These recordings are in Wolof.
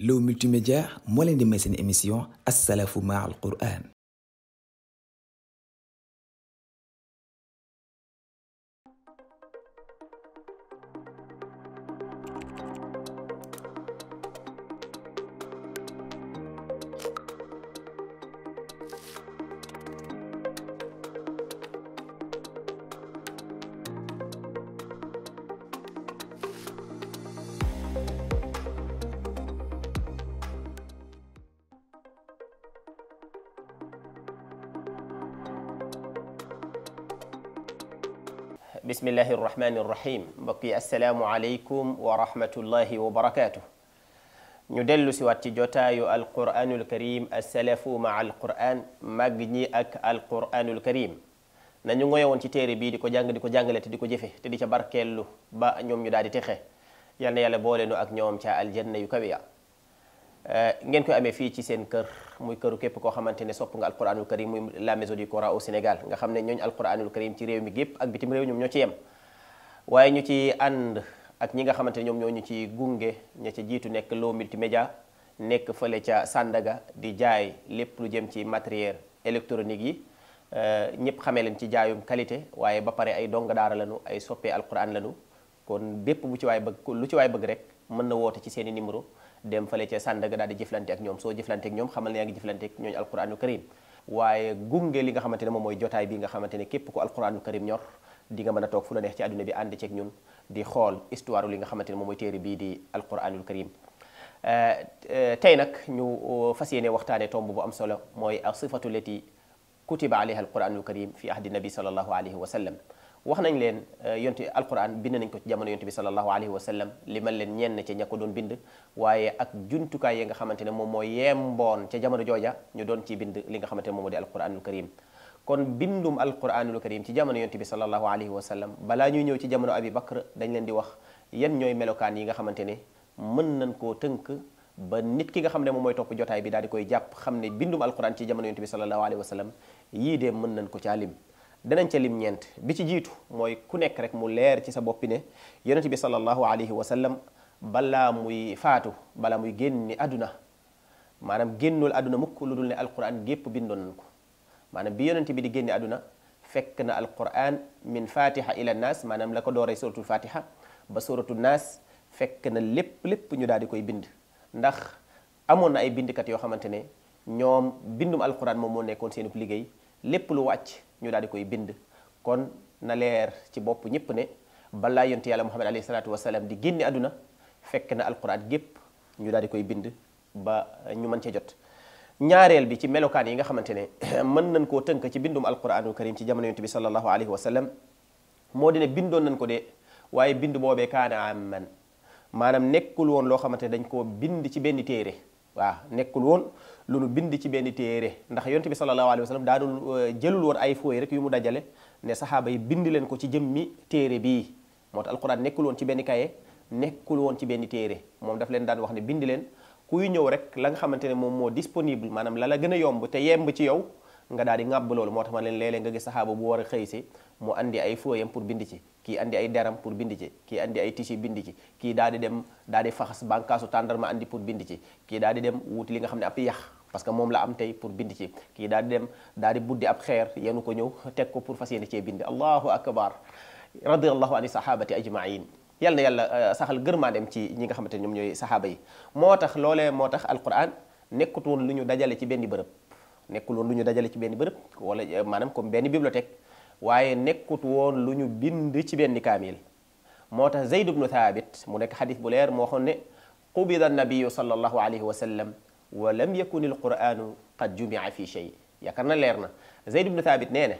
لو ملتي ميديا مولين دي ميسين اميسيون السلف مع القران bismillahi rahmaani rahim mbokk yi asalaamualeykum wa rahmatullahi wa barakaatu. ñu dellu si waat ci jotaayu alquraanul karim asalafu ma alquraan mag ñi ak alquraanul karim nañu ngoye woon ci téere bii di ko jàng di ko jàngale te di ko jëfe te di ca barkeellu ba ñoom ñu daal di texe yal na yàlla boole nu ak ñoom ca aljanna yu kawiya Euh, ngeen koy amee fii ci seen kër muy këru képp koo xamante ne sopp nga alquranul karim muy la maison du coran au Sénégal nga xam ne ñooñu alquranul karim ci réew mi gépp ak bitim réew ñoom ñoo ci waaye ñu ci ànd ak ñi nga xamante ne ñoom ñoo ñu ci gunge ña ca jiitu nekk loo multimédia nekk fële ca Sandaga di jaay lépp lu jëm ci matériel électronique yi euh, ñëpp xamee leen ci jaayum qualité waaye ba pare ay donga daara lañu ay soppee alquran lañu kon bépp bu ci waay bëgg lu ci bëgg rek mën na woote ci seen i numéro dem fale ca Sandaga daal di jëflante ak ñoom soo jëflante ak ñoom xamal ne yaa ngi jëflante ak ñooñu alquranu karim waaye gunge li nga xamante ne moom mooy jotaay bi nga xamante ne képp ko alquranu karim ñor di nga mën a toog fu la neex ci àdduna bi ànd ceeg ñun di xool histoire li nga xamante ne moom mooy téere bii di alquranul karim euh, euh, tey nag ñu euh, fas yéene waxtaane tomb bu am solo mooy a asifatu lati kutiba alayha alquranul karim fi ahdi nabi sallallahu alayhi wa sallam wax nañ leen euh, yonti alquran bind nañ ko ci jamono yonti bi sallallahu alayhi wa sallam limal leen ñenn ca ña ko doon bind waaye ak jumtukaay yi nga xamante ne moom moo yemboon ca jamono jooja ñu doon ci bind li nga xamante ne moom moo di alquranul karim kon bindum alquranul karim ci jamono yonti bi sallallahu alayhi wa sallam balaa ñuy ñëw ci jamono abi dañ leen di wax yan ñooy melokaan yi nga xamante ne mën nañ koo tënk ba nit ki nga xam ne moom mooy topp jotaay bi daal di koy jàpp xam ne bindum alquran ci jamono yonti bi sallallahu alayhi wa sallam yii de mën nañ ko caalim danañ ca lim ñent bi ci jitu moy ku nek rek mu leer ci sa bopine yaronte bi sallallahu alayhi wa sallam balaa muy faatu bala muy génni aduna manam génnul aduna mukk lu dul ne alquran gep bindon nañ ko maanaam bi yaronte bi di génni aduna fek na alquran min fatiha ila nas manam lako ko dooree suratul fatiha ba suratul nas fek na lépp lépp ñu daal di koy bind ndax amon na ay bindkat yoo xamante ne ñoom bindum alquran mom mo nekkon seenu liggey lépp lu wàcc ñu daal di koy bind kon na leer ci bopp ñëpp ne balaa yonent yàlla muhammad alayhi salaatu wasalaam di génne àdduna fekk na alquran gépp ñu daal di koy bind ba ñu mën cee jot ñaareel bi ci melokaan yi nga xamante ne mën nañ koo tënk ci bindum alquranul karim ci jamono yonent bi sallallahu alayhi wa moo di ne bindoon nañ ko de waaye bind boobee kaana amman maanaam nekkul woon loo xamante ne dañ koo bind ci benn téere waaw nekkul woon lu nu bind ci benn téere ndax yonte bi sallallahu alayhi wa sallam daanul euh, jëlul woon ay fooy rek yu mu dajale ne saxaaba yi bind leen ko ci jëmmi téere bii moo tax alquran nekkul woon ci benn kaye nekkul woon ci benn téere moom daf leen daan wax ne bind leen kuy ñëw rek la nga xamante ne moom moo disponible maanaam la la gën a yomb te yemb ci yow nga daan di ŋàbb lool moo tax ma leen léeg-léeg nga gis saxaaba bu war a xëy si mu andi ay fooyam pour bindi ci ki andi ay deram pour bindi ci ki andi ay tissu bindi ci ki daal di dem daal di faxas bànkaasu tandarma andi pour bindi ci ki daal di dem wuti li nga xamne ap yah parce que mom la am tay pour bind ci ki daal di dem daal di buddi ap xeer yenu ko ñew tek ko pour fasiyene ci allahu akbar radiyallahu anhi sahabati ajmain yalla yalla yàlla euh, saxal gërmaa dem ci ñi nga xamante ñom ñoy sahaba yi motax lolé motax alquran nekkut woon lu dajale ci benn bërepp nekkul won luñu dajalé dajale ci benn bërepp wala euh, manam comme benn bibliothèque waaye nekkut woon lu ñu bind ci benn kaamil moo tax zeyd ibnu thaabit mu nekk xadis bu leer moo xoon ne qubida annabiyu sallallahu alayhi wa sallam wa lam yakun alquranu qad jumia fi shay yaakaar na leer na zeyd ibnu thaabit nee na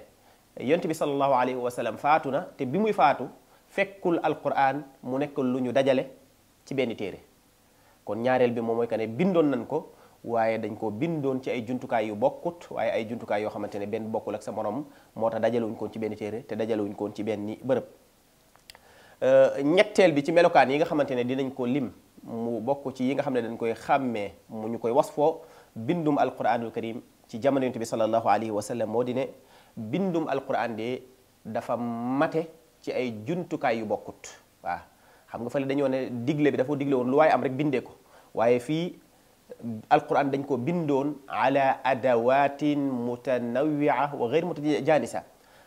yonent bi sallallahu alayhi wa sallam faatu na te bi muy faatu fekkul alquran mu nekkul lu ñu dajale ci benn téere kon ñaareel bi moom mooy que ne bindoon nañ ko waaye dañ ko bindoon ci ay juntukaay yu bokkut waaye ay juntukaay yoo xamante ne benn bokkul ak sa morom moo tax dajalewuñ koon ci benn téere te dajalewuñ koon ci benn bërëb euh, ñetteel bi ci melokaan yi nga xamante ne dinañ ko lim mu bokk ci yi nga xam ne dañ koy xàmmee mu koy wasfoo bindum alquranul karim ci jamono bi sallallahu alayhi wa sallam moo di ne bindum alquran de dafa mate ci ay juntukaay yu bokkut waaw xam nga fële dañoo ne digle bi dafa digle woon lu waaye am rek bindee ko waaye fii alquran dañ ko bindoon ala adawatin mutanawia wa geyr mutajanisa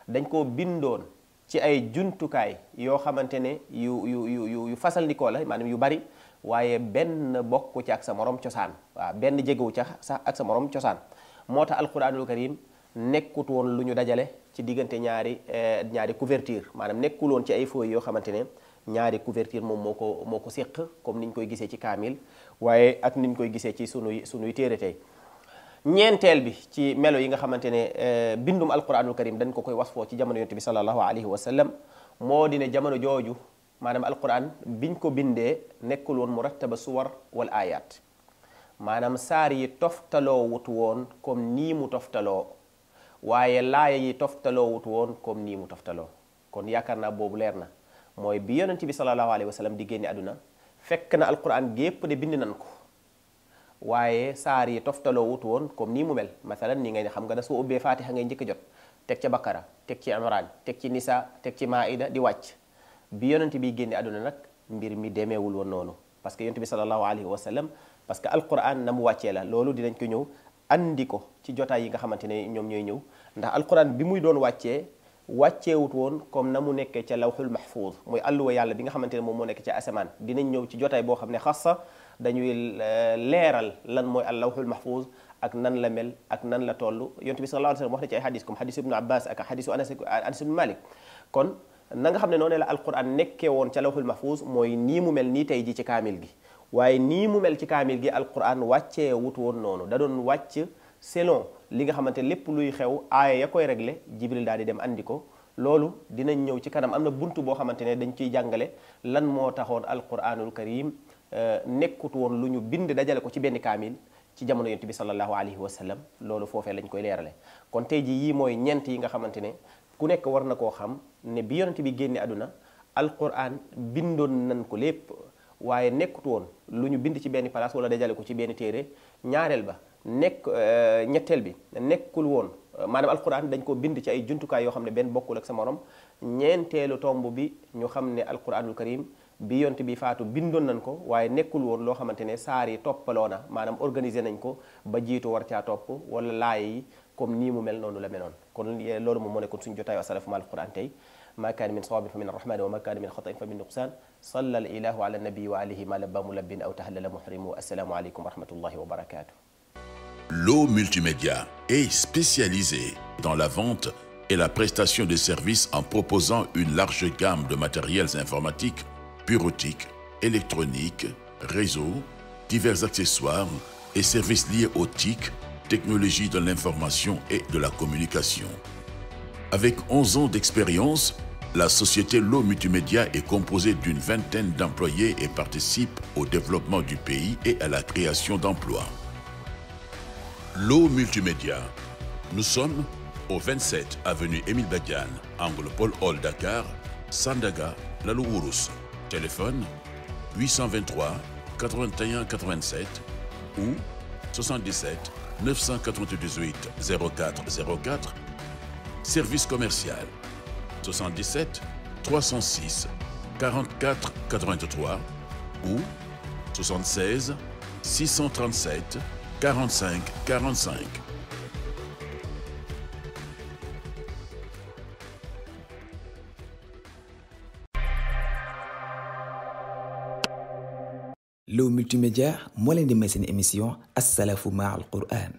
dañ ko bindoon ci ay juntukaay yoo xamante ne yu yu yu yu fasal nikoo la maanaam yu bari waaye benn bokk ci ak sa morom cosaan waa benn jegewu ca sax ak sa morom cosaan moo tax alquranul karim nekkut woon lu ñu dajale ci diggante ñaari eh, ñaari couverture maanaam nekkuloon ci ay fooy yoo xamante ne ñaari couverture mom moko moko sekk comme niñ koy gisé ci kamil waye ak niñ koy gisé ci sunu sunu téré tay ñentel bi ci melo yi nga xamantene bindum alquranul karim dañ ko koy wasfo ci jamono yonte bi sallallahu alayhi wa sallam moo di ne jamono joju manam alquran biñ ko bindé nekkul won murattaba suwar wal ayat manam sar yi toftalo wut won comme ni mu toftalo waye laaya yi toftalo wut won comme ni mu toftalo kon yakarna bobu leer na mooy bi yonent bi sallallahu alayhi wa sallam di génne àdduna fekk na alquran gépp de bind nan ko waaye saar yi toftaloo wutu woon comme nii mu mel masalan ni ngay ne xam nga da soo ubbee faatiha ngay njëkk jot teg ca bakkara teg ci imran teg ci nisa teg ci maida di wàcc bi yonent bi génne àdduna nag mbir mi demeewul woon noonu parce que yonent bi sallallahu alayhi wa sallam parce que alquran na mu wàccee la loolu dinañ ko ñëw andi ko ci jotaa yi nga xamante ne ñoom ñooy ñëw ndax alquran bi muy doon wàccee wàcceewut woon comme na mu nekkee ca lawxul mahfuuz muy alluwa yàlla bi nga xamante ne moom moo nekk ca asamaan dinañ ñëw ci jotaay boo xam ne dañuy leeral lan mooy al lawxul ak nan la mel ak nan la toll yonent bi sallallahu alayhi wa sallam wax na ci ay xadis comme xadisu ibnu abbas ak xadisu anas anas ibnu malik kon na nga xam ne noonu la alquran nekkee woon ca lawxul mahfuuz mooy nii mu mel nii tey ji ci kaamil gi waaye nii mu mel ci kaamil gi alquran wàccee wut woon noonu da doon wàcc selon li nga xamante lépp luy xew aaya ya koy régler jibril daal di dem andi ko loolu dinañ ñëw ci kanam am na bunt boo xamante ne dañ ciy jàngale lan moo taxoon alquranul karim euh, nekkutu woon lu ñu bind dajale ko ci benn kaamil ci jamono yonent bi sallallahu alayhi wa sallam loolu foofee lañ koy leerale kon tey jii yii mooy ñeent yi nga xamante ne ku nekk war na koo xam ne bi bi génne àdduna alquran bindoon nañ ko lépp waaye nekkut woon lu ñu bind ci benn place wala dajale ko ci benn téere ñaareel ba nekk ñetteel bi nekkul woon maanaam alquran dañ ko bind ci ay jumtukaay yoo xam ne benn bokkul ak sa morom ñeenteelu tomb bi ñu xam ne alquranul karim bi yont bi faatu bindoon nañ ko waaye nekkul woon loo xamante saar yi toppaloo na organiser nañ ko ba jiitu war caa topp wala laay yi comme nii mu mel noonu la meloon kon loolu moom moo nekkoon suñu jotaayu asalafu ma alquran tey ma kaana min sawabin fa min arrahmani wa ma kaana min xatain fa min nuqsaan salla al ilahu ala nabi wa alihi ma labba mu labbin aw tahalala muhrimu wa rahmatullahi wa barakatuh l'eau multimédia est spécialisée dans la vente et la prestation de services en proposant une large gamme de matériels informatiques, bureautiques, électroniques, réseaux, divers accessoires et services liés aux TIC, technologies de l'information et de la communication. Avec 11 ans d'expérience, la société L'eau Multimédia est composée d'une vingtaine d'employés et participe au développement du pays et à la création d'emplois l'eau multimédia. Nous sommes au 27 avenue Émile Badian, angle Paul Hall Dakar, Sandaga, Lalouourous. Téléphone 823 81 87 ou 77 998 04 04. Service commercial 77 306 44 83 ou 76 637 45 45. L'eau multimédia moi de di may seen émission assalafou Qur'an